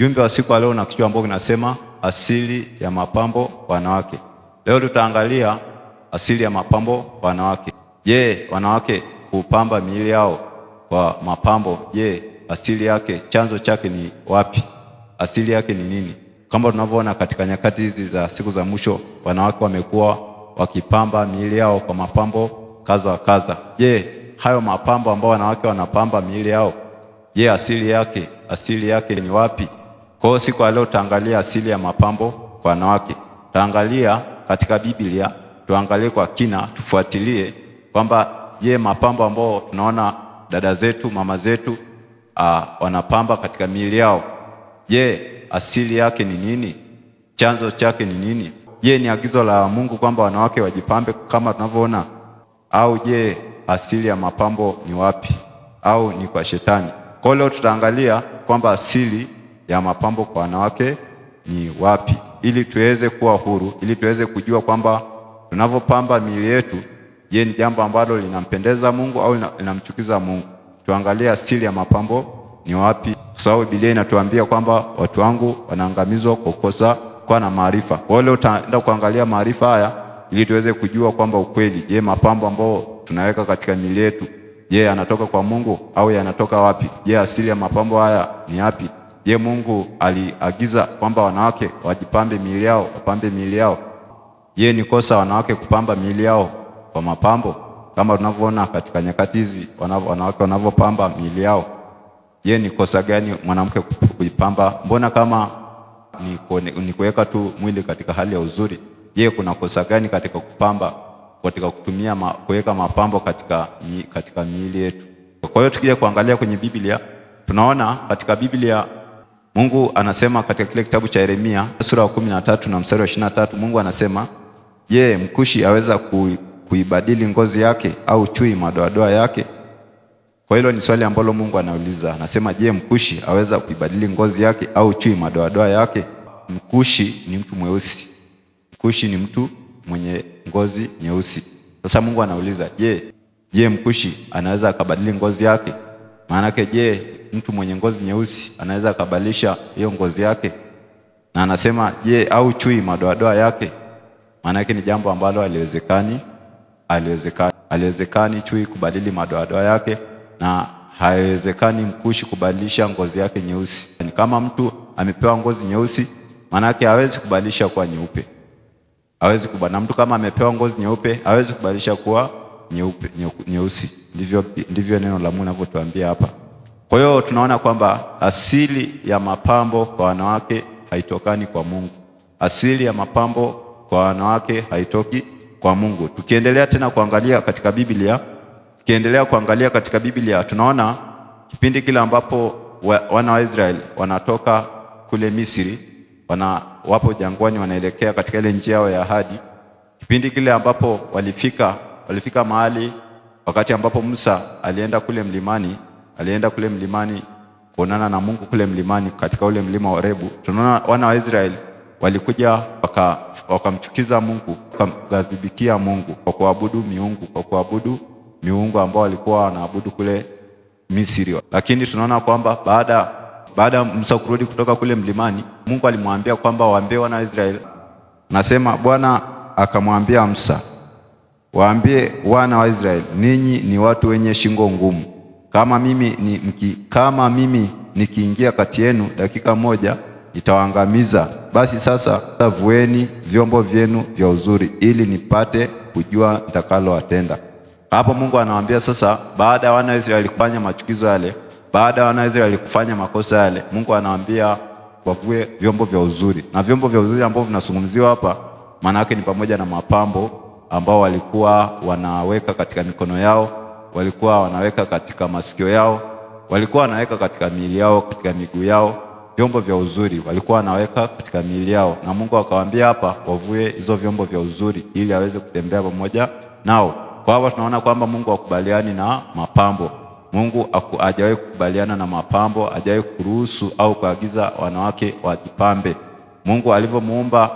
Ujumbe wa siku ya leo na kichwa ambao kinasema asili ya mapambo wanawake. Leo tutaangalia asili ya mapambo wanawake. Je, wanawake kupamba miili yao kwa mapambo, je, asili yake, chanzo chake ni wapi? Asili yake ni nini? Kama tunavyoona katika nyakati hizi za siku za mwisho, wanawake wamekuwa wakipamba miili yao kwa mapambo kaza kaza. Je, hayo mapambo ambao wanawake wanapamba miili yao, je, asili yake, asili yake ni wapi? Kwa hiyo siku leo tutaangalia asili ya mapambo kwa wanawake, tutaangalia katika Biblia, tuangalie kwa kina, tufuatilie kwamba je, mapambo ambao tunaona dada zetu, mama zetu aa, ah, wanapamba katika miili yao, je, asili yake ni nini? Chanzo chake ni nini? Je, ni agizo la Mungu kwamba wanawake wajipambe kama tunavyoona, au je, asili ya mapambo ni wapi, au ni kwa shetani? Kwa leo tutaangalia kwamba asili ya mapambo kwa wanawake ni wapi, ili tuweze kuwa huru, ili tuweze kujua kwamba tunavyopamba miili yetu, je, ni jambo ambalo linampendeza Mungu au linamchukiza Mungu? Tuangalie asili ya mapambo ni wapi, kwa sababu Biblia inatuambia kwamba watu wangu wanaangamizwa kwa kukosa kuwa na maarifa. Kwa hiyo leo utaenda kuangalia maarifa haya ili tuweze kujua kwamba ukweli, je, mapambo ambayo tunaweka katika miili yetu, je, yanatoka kwa Mungu au yanatoka wapi? Je, asili ya mapambo haya ni yapi? Je, Mungu aliagiza kwamba wanawake wajipambe miili yao, wapambe miili yao? Je, ni kosa wanawake kupamba miili yao kwa mapambo kama tunavyoona katika nyakati hizi wanawake wanavyopamba miili yao? Je, ni kosa gani mwanamke kujipamba? Mbona kama ni kuweka tu mwili katika hali ya uzuri. Je, kuna kosa gani katika kupamba, katika kutumia ma, kuweka mapambo katika, katika miili yetu? Kwa hiyo tukija kuangalia kwenye Biblia tunaona katika Biblia Mungu anasema katika kile kitabu cha Yeremia sura ya kumi na tatu na mstari wa ishirini na tatu Mungu anasema je, mkushi aweza kuibadili ngozi yake au chui madoadoa yake? Kwa hilo ni swali ambalo Mungu anauliza, anasema je, mkushi aweza kuibadili ngozi yake au chui madoadoa yake? Mkushi ni mtu mweusi, mkushi ni mtu mwenye ngozi nyeusi. Sasa Mungu anauliza je, je mkushi anaweza akabadili ngozi yake Maanake je, mtu mwenye ngozi nyeusi anaweza akabadilisha hiyo ngozi yake? Na anasema je, au chui madoadoa yake? Maanake ni jambo ambalo haliwezekani, haliwezekani, chui kubadili madoadoa yake, na haiwezekani mkushi kubadilisha ngozi yake nyeusi. Ni kama mtu amepewa ngozi nyeusi, maanake hawezi kubadilisha kuwa nyeupe, hawezi kubadilisha. Na mtu kama amepewa ngozi nyeupe, hawezi kubadilisha kuwa nyeupe nyeusi. Ndivyo, ndivyo neno la Mungu linavyotuambia hapa. Kwa hiyo tunaona kwamba asili ya mapambo kwa wanawake haitokani kwa Mungu. Asili ya mapambo kwa wanawake haitoki kwa Mungu. Tukiendelea tena kuangalia katika Biblia, tukiendelea kuangalia katika Biblia tunaona kipindi kile ambapo wana wa Israeli wanatoka kule Misri, wana wapo jangwani, wanaelekea katika ile njia yao ya ahadi, kipindi kile ambapo walifika walifika mahali wakati ambapo Musa alienda kule mlimani, alienda kule mlimani kuonana na Mungu kule mlimani, katika ule mlima wa Horebu. Tunaona wana wa Israeli walikuja wakamchukiza waka Mungu, wakamghadhibikia Mungu kwa kuabudu miungu, kwa kuabudu miungu ambao walikuwa wanaabudu kule Misri. Lakini tunaona kwamba baada baada Musa kurudi kutoka kule mlimani, Mungu alimwambia kwamba waambie wana wa Israeli, nasema Bwana akamwambia Musa Waambie wana wa Israeli, ninyi ni watu wenye shingo ngumu. Kama mimi ni mki, kama mimi nikiingia kati yenu dakika moja itawaangamiza. Basi sasa vueni vyombo vyenu vya uzuri, ili nipate kujua nitakalowatenda. Hapo Mungu anawaambia sasa, baada ya wana wa Israeli kufanya machukizo yale, baada ya wana wa Israeli kufanya makosa yale, Mungu anawaambia wavue vyombo vya uzuri, na vyombo vya uzuri ambavyo vinazungumziwa hapa maana yake ni pamoja na mapambo ambao walikuwa wanaweka katika mikono yao, walikuwa wanaweka katika masikio yao, walikuwa wanaweka katika miili yao, katika miguu yao, vyombo vya uzuri walikuwa wanaweka katika miili yao, na Mungu akawaambia hapa wavue hizo vyombo vya uzuri ili aweze kutembea pamoja nao. Kwa hapa tunaona kwamba Mungu akubaliani na mapambo. Mungu hajawahi kukubaliana na mapambo, hajawahi kuruhusu au kuagiza wanawake wajipambe. Mungu alivyomuumba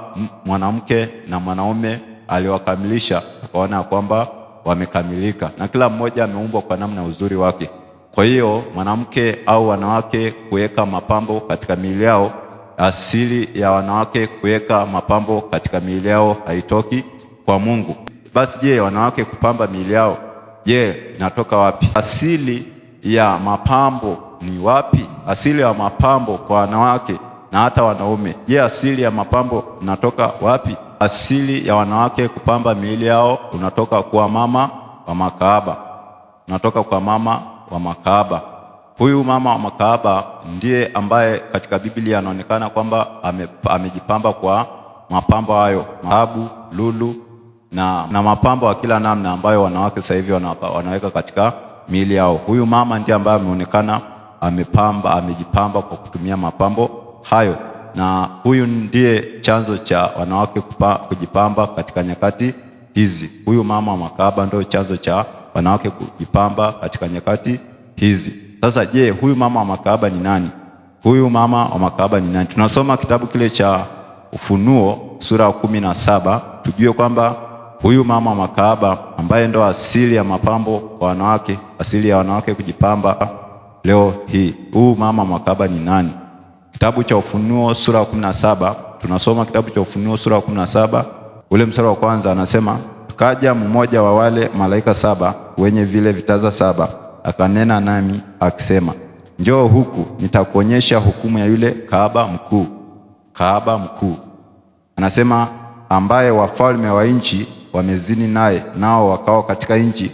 mwanamke na mwanaume aliwakamilisha, wakaona kwamba wamekamilika, na kila mmoja ameumbwa kwa namna uzuri wake. Kwa hiyo mwanamke au wanawake kuweka mapambo katika miili yao, asili ya wanawake kuweka mapambo katika miili yao haitoki kwa Mungu. Basi je, wanawake kupamba miili yao, je, natoka wapi? Asili ya mapambo ni wapi? Asili ya mapambo kwa wanawake na hata wanaume, je, asili ya mapambo natoka wapi? asili ya wanawake kupamba miili yao unatoka kwa mama wa makahaba, unatoka kwa mama wa makahaba. Huyu mama wa makahaba ndiye ambaye katika Biblia anaonekana kwamba ame, amejipamba kwa mapambo hayo, dhahabu, lulu na, na mapambo ya kila namna ambayo wanawake sasa hivi wanaweka katika miili yao. Huyu mama ndiye ambaye ameonekana amepamba, amejipamba kwa kutumia mapambo hayo na huyu ndiye chanzo cha wanawake kupa, kujipamba katika nyakati hizi. Huyu mama wa makahaba ndio chanzo cha wanawake kujipamba katika nyakati hizi. Sasa je, huyu mama wa makahaba ni nani? Huyu mama wa makahaba ni nani? Tunasoma kitabu kile cha Ufunuo sura ya kumi na saba tujue kwamba huyu mama wa makahaba ambaye ndo asili ya mapambo kwa wanawake, asili ya wanawake kujipamba leo hii, huyu mama wa makahaba ni nani? Kitabu cha Ufunuo sura ya saba tunasoma kitabu cha Ufunuo sura ya saba ule mstari wa kwanza anasema, kaja mmoja wa wale malaika saba wenye vile vitaza saba akanena nami akisema, njoo huku nitakuonyesha hukumu ya yule kahaba mkuu. Kahaba mkuu anasema, ambaye wafalme wa nchi wamezini naye, nao wakao katika nchi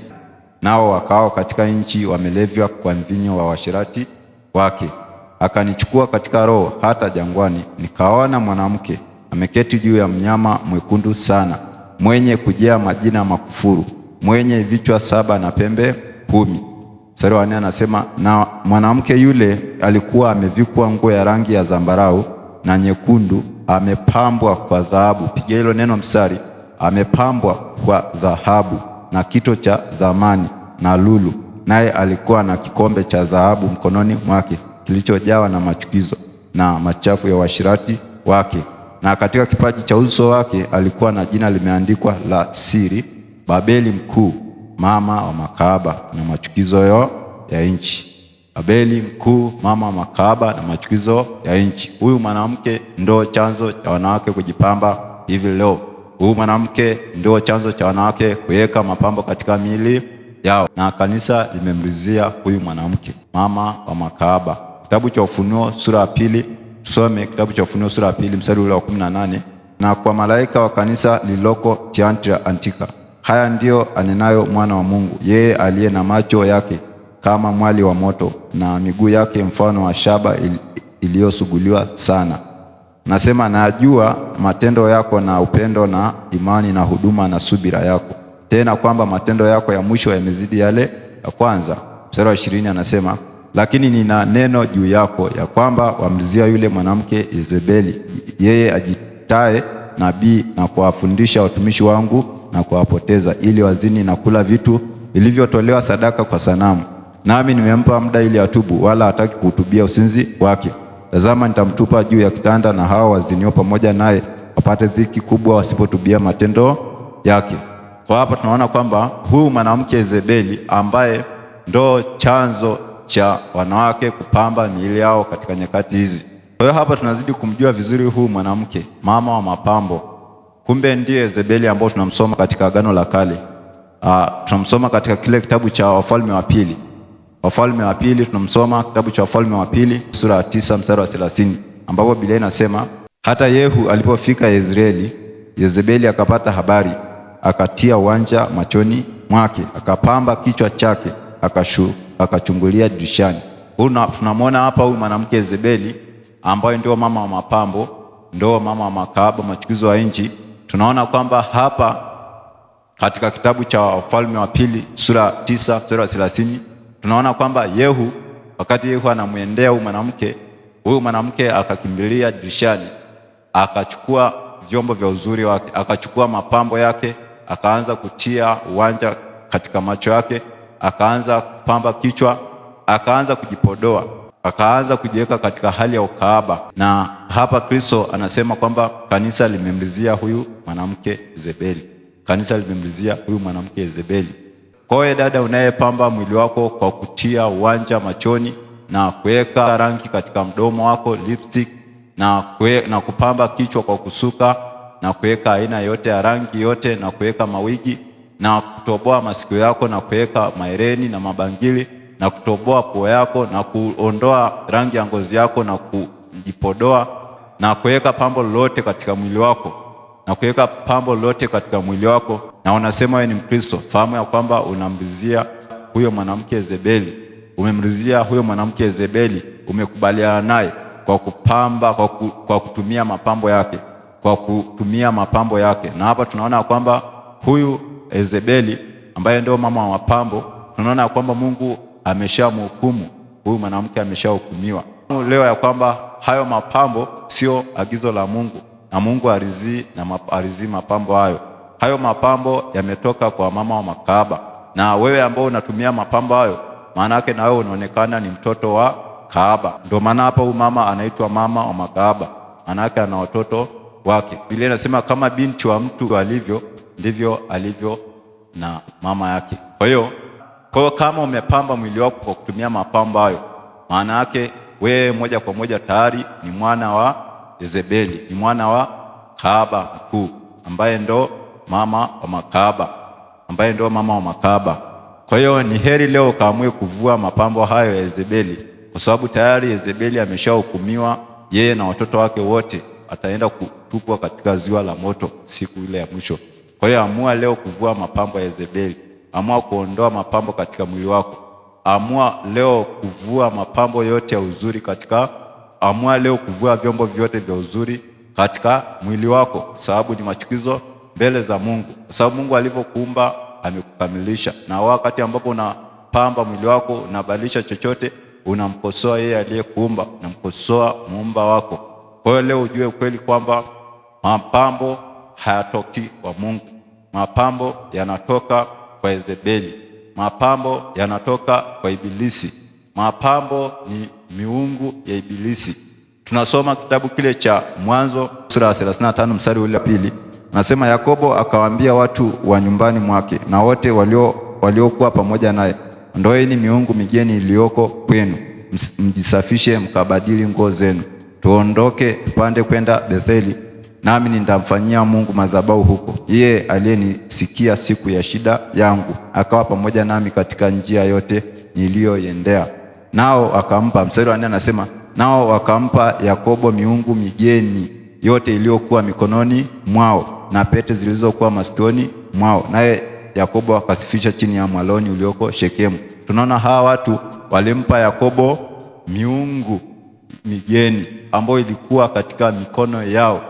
nao wakao katika nchi wamelevywa kwa mvinyo wa washirati wake Akanichukua katika Roho hata jangwani, nikaona mwanamke ameketi juu ya mnyama mwekundu sana, mwenye kujia majina makufuru, mwenye vichwa saba na pembe kumi. Mstari wa nne anasema, na mwanamke yule alikuwa amevikwa nguo ya rangi ya zambarau na nyekundu, amepambwa kwa dhahabu. Piga hilo neno mstari, amepambwa kwa dhahabu na kito cha dhamani na lulu, naye alikuwa na kikombe cha dhahabu mkononi mwake kilichojawa na machukizo na machafu ya uasherati wake, na katika kipaji cha uso wake alikuwa na jina limeandikwa la siri, Babeli Mkuu, mama wa makaaba na machukizo yo ya nchi. Babeli Mkuu, mama wa makaaba na machukizo ya nchi. Huyu mwanamke ndo chanzo cha wanawake kujipamba hivi leo. Huyu mwanamke ndio chanzo cha wanawake kuweka mapambo katika miili yao, na kanisa limemrizia huyu mwanamke mama wa makaaba. Kitabu cha Ufunuo sura ya pili, tusome kitabu cha Ufunuo sura ya pili mstari ule wa 18, na kwa malaika wa kanisa lililoko Antika, haya ndiyo anenayo mwana wa Mungu, yeye aliye na macho yake kama mwali wa moto na miguu yake mfano wa shaba iliyosuguliwa sana. Nasema, najua matendo yako na upendo na imani na huduma na subira yako, tena kwamba matendo yako ya mwisho yamezidi yale ya kwanza. Mstari wa ishirini anasema lakini nina neno juu yako ya kwamba wamzia yule mwanamke Yezebeli, yeye ajitae nabii na kuwafundisha watumishi wangu na kuwapoteza, ili wazini na kula vitu vilivyotolewa sadaka kwa sanamu. Nami nimempa muda ili atubu, wala hataki kuhutubia usinzi wake. Tazama, nitamtupa juu ya kitanda, na hawa wazinio pamoja naye wapate dhiki kubwa, wasipotubia matendo yake. Kwa hapa tunaona kwamba huyu mwanamke Yezebeli ambaye ndo chanzo cha wanawake kupamba miili yao katika nyakati hizi. Kwa hiyo hapa tunazidi kumjua vizuri huu mwanamke, mama wa mapambo. Kumbe ndiye Yezebeli ambao tunamsoma katika Agano la Kale. Ah, tunamsoma katika kile kitabu cha Wafalme wa Pili. Wafalme wa Pili tunamsoma kitabu cha Wafalme wa Pili sura ya tisa mstari wa 30 ambapo Biblia inasema hata Yehu alipofika Yezreeli, Yezebeli akapata habari, akatia uwanja machoni mwake, akapamba kichwa chake, akashuka akachungulia dirishani. Tunamwona hapa huyu mwanamke Yezebeli ambaye ndio mama wa mapambo, ndio mama wa makahaba, machukizo ya nchi. Tunaona kwamba hapa katika kitabu cha Wafalme wa Pili sura tisa sura thelathini tunaona kwamba Yehu, wakati Yehu anamwendea huyu mwanamke, huyu mwanamke akakimbilia dirishani, akachukua vyombo vya uzuri wake, akachukua mapambo yake, akaanza kutia uwanja katika macho yake, akaanza akapamba kichwa, akaanza kujipodoa, akaanza kujiweka katika hali ya ukaaba. Na hapa Kristo anasema kwamba kanisa limemlizia huyu mwanamke Yezebeli, kanisa limemlizia huyu mwanamke Yezebeli. Kwa dada, unayepamba mwili wako kwa kutia uwanja machoni na kuweka rangi katika mdomo wako lipstick, na, kwe, na kupamba kichwa kwa kusuka na kuweka aina yote ya rangi yote na kuweka mawigi na kutoboa masikio yako na kuweka maereni na mabangili na kutoboa pua yako na kuondoa rangi ya ngozi yako na kujipodoa na kuweka pambo lolote katika mwili wako na kuweka pambo lolote katika mwili wako na unasema wewe ni Mkristo, fahamu ya kwamba unamrizia huyo mwanamke Yezebeli, umemrizia huyo mwanamke Yezebeli, umekubaliana naye kwa kupamba kwa, ku, kwa kutumia mapambo yake kwa kutumia mapambo yake. Na hapa tunaona kwamba huyu Ezebeli ambaye ndio mama wa mapambo, tunaona ya kwamba Mungu ameshamhukumu huyu mwanamke, ameshahukumiwa. Leo ya kwamba hayo mapambo sio agizo la Mungu na Mungu arizii na arizi mapambo hayo. Hayo mapambo yametoka kwa mama wa makahaba, na wewe ambao unatumia mapambo hayo, maana yake na wewe unaonekana ni mtoto wa kahaba. Ndio maana hapa huyu mama anaitwa mama wa makahaba, maana yake ana watoto wake. Biblia inasema kama binti wa mtu alivyo ndivyo alivyo na mama yake. Kwa hiyo kwa hiyo kama umepamba mwili wako kwa kutumia mapambo hayo, maana yake wewe moja kwa moja tayari ni mwana wa Jezebeli, ni mwana wa kaaba mkuu, ambaye ndo mama wa makahaba, ambaye ndo mama wa makaaba Kwa hiyo ni heri leo ukaamue kuvua mapambo hayo ya Jezebeli, kwa sababu tayari Jezebeli ameshahukumiwa, yeye na watoto wake wote ataenda kutupwa katika ziwa la moto siku ile ya mwisho. Kwa hiyo amua leo kuvua mapambo ya Yezebeli, amua kuondoa mapambo katika mwili wako, amua leo kuvua mapambo yote ya uzuri katika, amua leo kuvua vyombo vyote vya uzuri katika mwili wako, kwa sababu ni machukizo mbele za Mungu, kwa sababu Mungu alivyokuumba amekukamilisha, na wakati ambapo unapamba mwili wako unabadilisha chochote, unamkosoa yeye aliyekuumba, unamkosoa muumba wako. Kwa hiyo leo ujue ukweli kwamba mapambo hayatoki kwa Mungu, mapambo yanatoka kwa Yezebeli, mapambo yanatoka kwa Ibilisi, mapambo ni miungu ya Ibilisi. Tunasoma kitabu kile cha Mwanzo sura ya 35 mstari ule wa pili, nasema Yakobo akawaambia watu wa nyumbani mwake na wote waliokuwa pamoja naye, ndoeni miungu migeni iliyoko kwenu, mjisafishe mkabadili nguo zenu, tuondoke tupande kwenda Betheli nami nitamfanyia Mungu madhabahu huko, yeye aliyenisikia siku ya shida yangu, akawa pamoja nami katika njia yote niliyoendea. Nao akampa, mstari wa nne anasema, nao akampa Yakobo miungu migeni yote iliyokuwa mikononi mwao na pete zilizokuwa masikioni mwao, naye Yakobo akasifisha chini ya mwaloni ulioko Shekemu. Tunaona hawa watu walimpa Yakobo miungu migeni ambayo ilikuwa katika mikono yao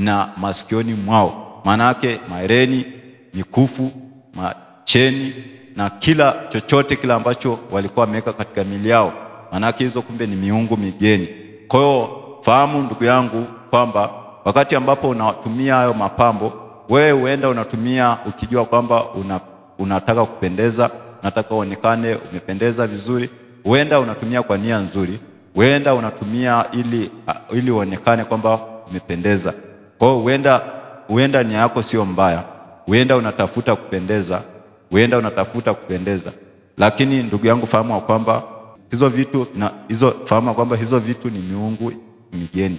na masikioni mwao, maanake maereni, mikufu, macheni na kila chochote kila ambacho walikuwa wameweka katika mili yao, maanake hizo kumbe ni miungu migeni. Kwa hiyo fahamu ndugu yangu kwamba wakati ambapo unatumia hayo mapambo, wewe huenda unatumia ukijua kwamba una, unataka kupendeza, unataka uonekane umependeza vizuri. Huenda unatumia kwa nia nzuri, huenda unatumia ili ah, ili uonekane kwamba umependeza. Kwa hiyo huenda huenda nia yako sio mbaya, huenda unatafuta kupendeza, huenda unatafuta kupendeza, lakini ndugu yangu, fahamu kwamba hizo vitu na hizo, fahamu kwamba hizo vitu ni miungu migeni.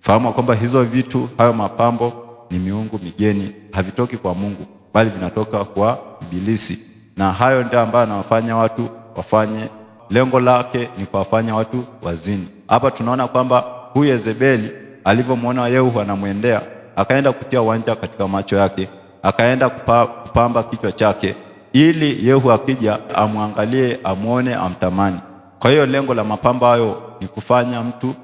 Fahamu kwamba hizo vitu, hayo mapambo ni miungu migeni, havitoki kwa Mungu bali vinatoka kwa Ibilisi, na hayo ndio ambayo anawafanya watu wafanye lengo lake ni kuwafanya watu wazini. Hapa tunaona kwamba huyu Yezebeli alivyomwona Yehu anamwendea, akaenda kutia wanja katika macho yake, akaenda kupa, kupamba kichwa chake ili Yehu akija amwangalie, amwone, amtamani. Kwa hiyo lengo la mapambo hayo ni kufanya mtu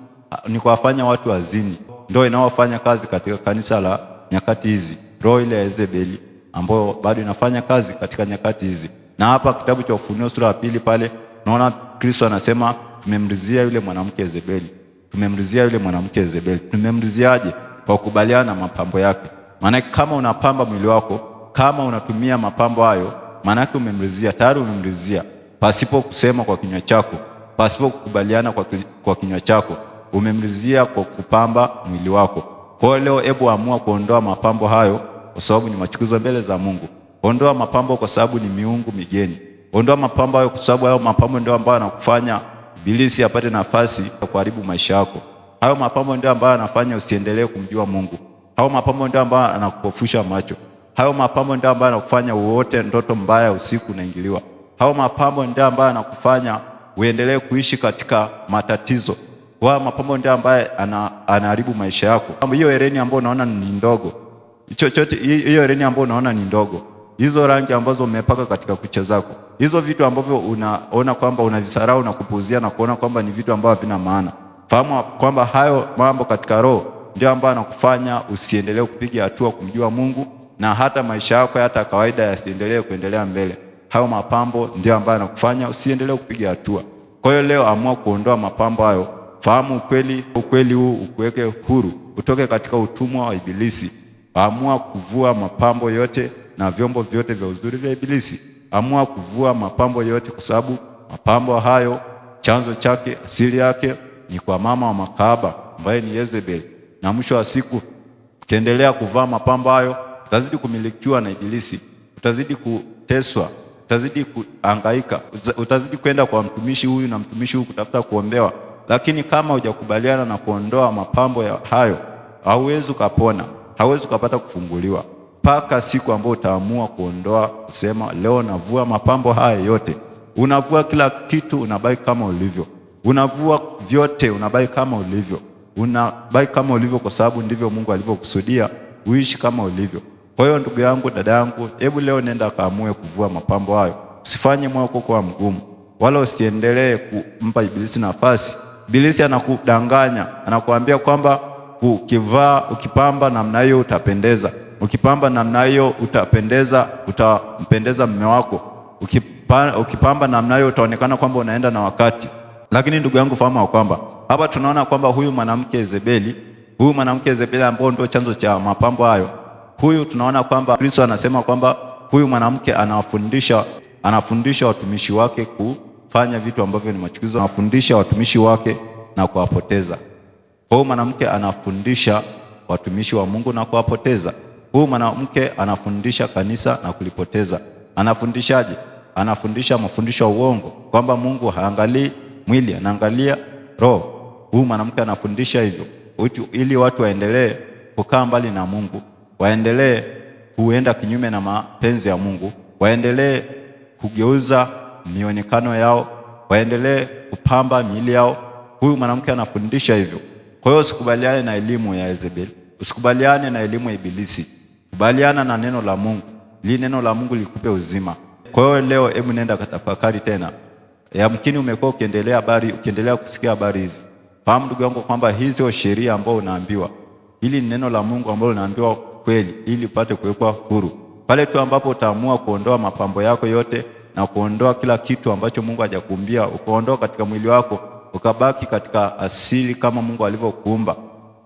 ni kuwafanya watu wazini, ndio inaofanya kazi katika kanisa la nyakati hizi, roho ile ya Yezebeli ambayo bado inafanya kazi katika nyakati hizi. Na hapa kitabu cha Ufunuo sura ya pili pale, naona Kristo anasema tumemrizia yule mwanamke Yezebeli. Tumemrizia yule mwanamke Yezebeli. Tumemriziaje? Kwa kukubaliana na mapambo yake. Maanake kama unapamba mwili wako, kama unatumia mapambo hayo, maanake umemrizia tayari, umemrizia pasipo kusema kwa kinywa chako, pasipo kukubaliana kwa kwa kinywa chako, umemrizia kwa kupamba mwili wako. Kwa hiyo leo, hebu amua kuondoa mapambo hayo, kwa sababu ni machukizo mbele za Mungu. Ondoa mapambo, kwa sababu ni miungu migeni. Ondoa mapambo hayo, kwa sababu hayo mapambo ndio ambayo yanakufanya bilisi apate nafasi ya kuharibu maisha yako. Hayo mapambo ndio ambayo anafanya usiendelee kumjua Mungu. Hayo mapambo ndio ambayo anakupofusha macho. Hayo mapambo ndio ambayo anakufanya uote ndoto mbaya usiku unaingiliwa. Hayo mapambo ndio ambayo anakufanya uendelee kuishi katika matatizo. Kwa mapambo ndio ambayo anaharibu maisha yako. Hiyo hereni ambayo unaona ni ndogo, hiyo hereni ambayo unaona ni ndogo, hizo rangi ambazo umepaka katika kucha zako hizo vitu ambavyo unaona kwamba unavisarau na kupuuzia na kuona kwamba ni vitu ambavyo havina maana, fahamu kwamba hayo mambo katika roho ndio ambayo anakufanya usiendelee kupiga hatua kumjua Mungu, na hata maisha yako hata kawaida yasiendelee kuendelea mbele. Hayo mapambo ndio ambayo anakufanya usiendelee kupiga hatua. Kwa hiyo leo amua kuondoa mapambo hayo, fahamu ukweli. Ukweli huu ukuweke huru, utoke katika utumwa wa Ibilisi. Amua kuvua mapambo yote na vyombo vyote vya uzuri vya Ibilisi amua kuvua mapambo yote, kwa sababu mapambo hayo chanzo chake asili yake ni kwa mama wa makahaba ambaye ni Yezebeli, na mwisho wa siku ukiendelea kuvaa mapambo hayo utazidi kumilikiwa na Ibilisi, utazidi kuteswa, utazidi kuangaika, utazidi kwenda kwa mtumishi huyu na mtumishi huyu kutafuta kuombewa. Lakini kama hujakubaliana na kuondoa mapambo hayo, hauwezi ukapona, hauwezi ukapata kufunguliwa mpaka siku ambayo utaamua kuondoa, kusema leo navua mapambo haya yote. Unavua kila kitu, unabaki kama ulivyo. Unavua vyote, unabaki kama ulivyo. Unabaki kama ulivyo, kwa sababu ndivyo Mungu alivyokusudia uishi kama ulivyo. Kwa hiyo ndugu yangu, dada yangu, hebu leo nenda kaamue kuvua mapambo hayo. Usifanye moyo wako kuwa mgumu, wala usiendelee kumpa ibilisi nafasi. Ibilisi anakudanganya, anakuambia kwamba ukivaa, ukipamba namna hiyo utapendeza. Ukipamba namna hiyo utapendeza, utampendeza mume wako. Ukipa, ukipamba namna hiyo utaonekana kwamba unaenda na wakati. Lakini ndugu yangu, fahamu ya kwamba hapa tunaona kwamba huyu mwanamke Yezebeli, huyu mwanamke Yezebeli ambao ndio chanzo cha mapambo hayo, huyu tunaona kwamba Kristo anasema kwamba huyu mwanamke anawafundisha, anafundisha watumishi wake kufanya vitu ambavyo ni machukizo, anafundisha watumishi wake na kuwapoteza. Kwa hiyo mwanamke anafundisha watumishi wa Mungu na kuwapoteza. Huyu mwanamke anafundisha kanisa na kulipoteza. Anafundishaje? Anafundisha mafundisho ya uongo kwamba Mungu haangalii mwili, anaangalia roho. Huyu mwanamke anafundisha hivyo ili watu waendelee kukaa mbali na Mungu, waendelee kuenda kinyume na mapenzi ya Mungu, waendelee kugeuza mionekano yao, waendelee kupamba miili yao. Huyu mwanamke anafundisha hivyo. Kwa hiyo usikubaliane na elimu ya Yezebeli, usikubaliane na elimu ya Ibilisi kubaliana na neno la Mungu li neno la Mungu likupe uzima. Kwa hiyo leo, hebu nenda katafakari tena. Yamkini umekuwa ukiendelea habari ukiendelea kusikia habari hizi, fahamu ndugu yangu kwamba hizo sheria ambao unaambiwa, hili ni neno la Mungu ambalo unaambiwa kweli, ili upate kuwekwa huru pale tu ambapo utaamua kuondoa mapambo yako yote na kuondoa kila kitu ambacho Mungu hajakuumbia, ukaondoa katika mwili wako, ukabaki katika asili kama Mungu alivyokuumba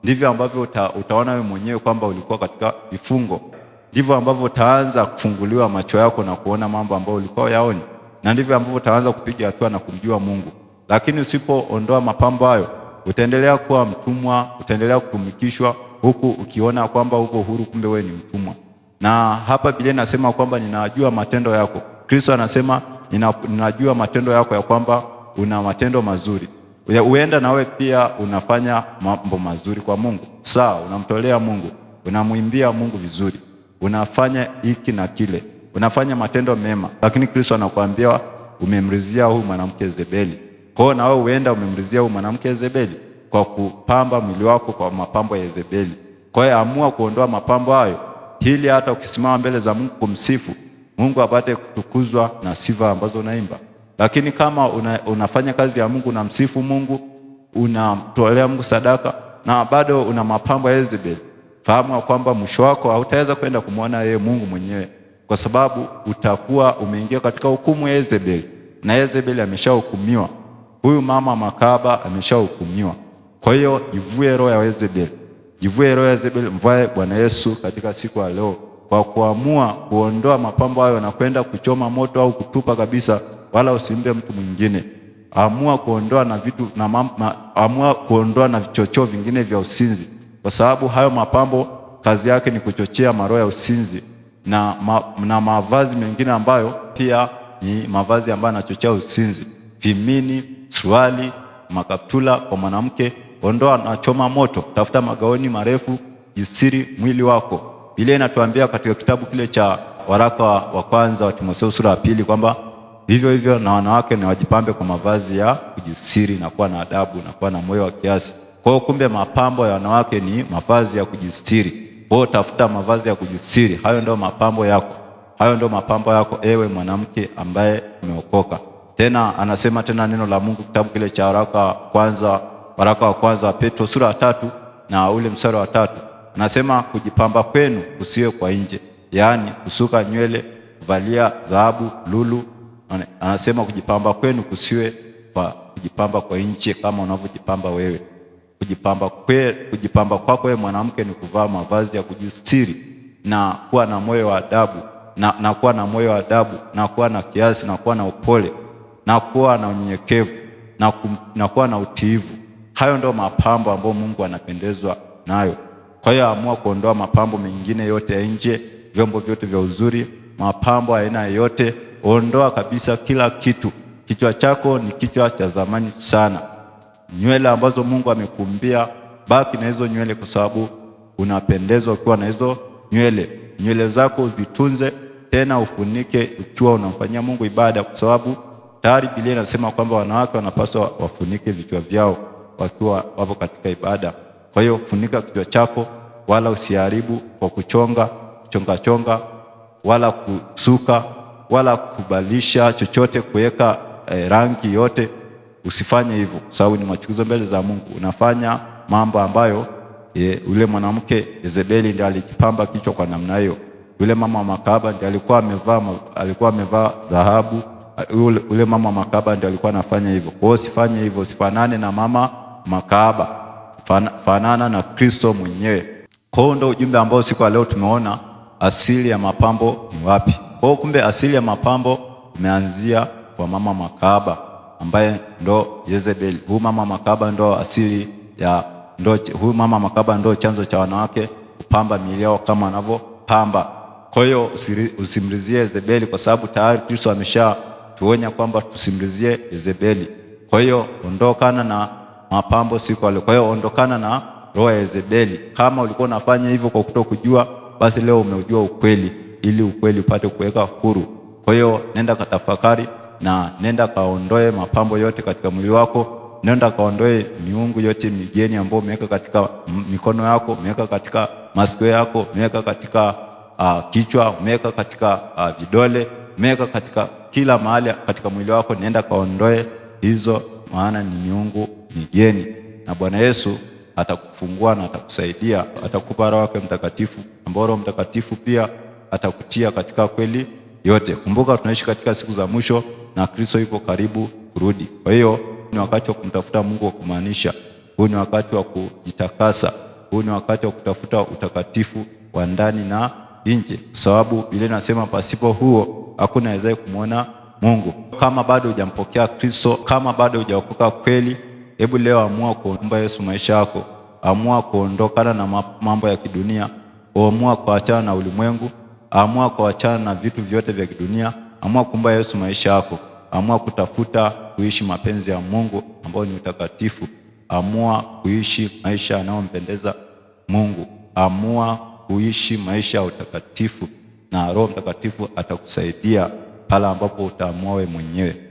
ndivyo ambavyo uta, utaona wewe mwenyewe kwamba ulikuwa katika vifungo. Ndivyo ambavyo utaanza kufunguliwa macho yako na kuona mambo ambayo ulikuwa yaoni, na ndivyo ambavyo utaanza kupiga hatua na kumjua Mungu. Lakini usipoondoa mapambo hayo, utaendelea kuwa mtumwa, utaendelea kutumikishwa huku ukiona kwamba uko huru, kumbe wewe ni mtumwa. Na hapa Biblia inasema kwamba ninajua matendo yako. Kristo anasema ninajua matendo yako ya kwamba una matendo mazuri. Uenda nawe pia unafanya mambo mazuri kwa Mungu, sawa, unamtolea Mungu, unamwimbia Mungu vizuri, unafanya hiki na kile, unafanya matendo mema, lakini Kristo anakuambia umemrizia huyu mwanamke Zebeli. Kwa nawe uenda umemrizia huyu mwanamke Zebeli kwa kupamba mwili wako kwa mapambo ya Zebeli. Kwa hiyo amua kuondoa mapambo hayo, ili hata ukisimama mbele za Mungu kumsifu Mungu apate kutukuzwa na sifa ambazo unaimba. Lakini kama una, unafanya kazi ya Mungu, unamsifu Mungu, unamtolea Mungu sadaka na bado una mapambo ya Yezebeli, fahamu kwamba mwisho wako hautaweza kwenda kumwona yeye Mungu mwenyewe, kwa sababu utakuwa umeingia katika hukumu ya Yezebeli, na Yezebeli ameshahukumiwa. Huyu mama Makaba ameshahukumiwa. Kwa hiyo jivue roho ya Yezebeli, jivue roho ya Yezebeli, mvae Bwana Yesu katika siku ya leo, kwa kuamua kuondoa mapambo hayo na kwenda kuchoma moto au kutupa kabisa wala usimbe mtu mwingine. Amua kuondoa na vitu na mama, amua kuondoa na vichochoo vingine vya usinzi, kwa sababu hayo mapambo kazi yake ni kuchochea maroho ya usinzi na, ma, na mavazi mengine ambayo pia ni mavazi ambayo yanachochea usinzi, vimini, suruali, makaptula kwa mwanamke. Ondoa na choma moto, tafuta magaoni marefu, jisiri mwili wako. Biblia inatuambia katika kitabu kile cha waraka wa kwanza wa Timotheo sura ya pili kwamba Vivyo hivyo na wanawake ni wajipambe kwa mavazi ya kujisiri na kuwa na adabu na kuwa na moyo wa kiasi. Kwa hiyo kumbe, mapambo ya wanawake ni mavazi ya kujisiri. Kwa hiyo tafuta mavazi ya kujisiri, hayo ndio mapambo yako, hayo ndio mapambo yako, ewe mwanamke ambaye umeokoka. Tena anasema tena neno la Mungu kitabu kile cha waraka kwanza, waraka wa kwanza wa Petro sura ya tatu na ule mstari wa tatu anasema kujipamba kwenu kusiwe kwa nje, yaani kusuka nywele, kuvalia dhahabu, lulu anasema kujipamba kwenu kusiwe kwa kujipamba kwa nje kama unavyojipamba wewe. Kujipamba kwe, kujipamba kwako wewe mwanamke ni kuvaa mavazi ya kujistiri na kuwa na moyo wa adabu na, na kuwa na moyo wa adabu na kuwa na kiasi na kuwa na upole na kuwa na unyenyekevu na, na kuwa na utiivu. Hayo ndio mapambo ambayo Mungu anapendezwa nayo. Kwa hiyo amua kuondoa mapambo mengine yote ya nje, vyombo vyote vya uzuri, mapambo aina yote ondoa kabisa kila kitu. Kichwa chako ni kichwa cha zamani sana, nywele ambazo Mungu amekumbia, baki na hizo nywele, kwa sababu unapendezwa ukiwa na hizo nywele. Nywele zako uzitunze tena, ufunike ukiwa unamfanyia Mungu ibada, kwa sababu tayari Biblia inasema kwamba wanawake wanapaswa wafunike vichwa vyao wakiwa wapo katika ibada. Kwa hiyo funika kichwa chako, wala usiharibu kwa kuchonga chonga, wala kusuka wala kubalisha chochote, kuweka eh, rangi yote. Usifanye hivyo, sababu ni machukizo mbele za Mungu. Unafanya mambo ambayo eh, ye, ule mwanamke Yezebeli ndiye alijipamba kichwa kwa namna hiyo. Yule mama wa makahaba ndiye alikuwa amevaa alikuwa amevaa dhahabu. Ule, ule mama wa makahaba ndiye alikuwa anafanya hivyo. Kwa hiyo usifanye hivyo, usifanane na mama makahaba, fanana na Kristo mwenyewe. Kwa hiyo ndio ujumbe ambao siku ya leo tumeona asili ya mapambo ni wapi. Kwa hiyo kumbe asili ya mapambo imeanzia kwa mama makaba ambaye ndo Yezebeli. Huyu mama makaba ndo asili ya ndo, huyu mama makaba ndo chanzo cha wanawake kupamba miili yao kama anavyopamba. Kwa hiyo usimrizie Jezebeli kwa sababu tayari Kristo tuonya kwamba tusimrizie Jezebeli. Kwa hiyo ondokana na mapambo siku leo. Kwa hiyo ondokana na roho ya Jezebeli. Kama ulikuwa unafanya hivyo kwa kutokujua, basi leo umeujua ukweli ili ukweli upate kuweka huru. Kwa hiyo nenda katafakari na nenda kaondoe mapambo yote katika mwili wako, nenda kaondoe miungu yote migeni ambayo umeweka katika mikono yako, umeweka katika masikio yako, umeweka katika uh, kichwa, umeweka katika uh, vidole, umeweka katika kila mahali katika mwili wako. Nenda kaondoe hizo, maana ni miungu migeni, na Bwana Yesu atakufungua na atakusaidia, atakupa Roho yake Mtakatifu, ambao Roho Mtakatifu pia atakutia katika kweli yote. Kumbuka tunaishi katika siku za mwisho na Kristo yuko karibu kurudi. Kwa hiyo ni wakati wa kumtafuta Mungu wa kumaanisha. Huu ni wakati wa kujitakasa. Huu ni wakati wa kutafuta utakatifu wa ndani na nje, kwa sababu ile nasema pasipo huo hakuna awezaye kumwona Mungu. Kama bado hujampokea Kristo, kama bado hujaokoka kweli, hebu leo amua kuomba Yesu maisha yako, amua kuondokana na mambo ya kidunia, amua kuachana na ulimwengu amua kuachana na vitu vyote vya kidunia, amua kumba Yesu maisha yako, amua kutafuta kuishi mapenzi ya Mungu ambayo ni utakatifu, amua kuishi maisha yanayompendeza Mungu, amua kuishi maisha ya utakatifu, na Roho Mtakatifu atakusaidia pale ambapo utaamua wewe mwenyewe.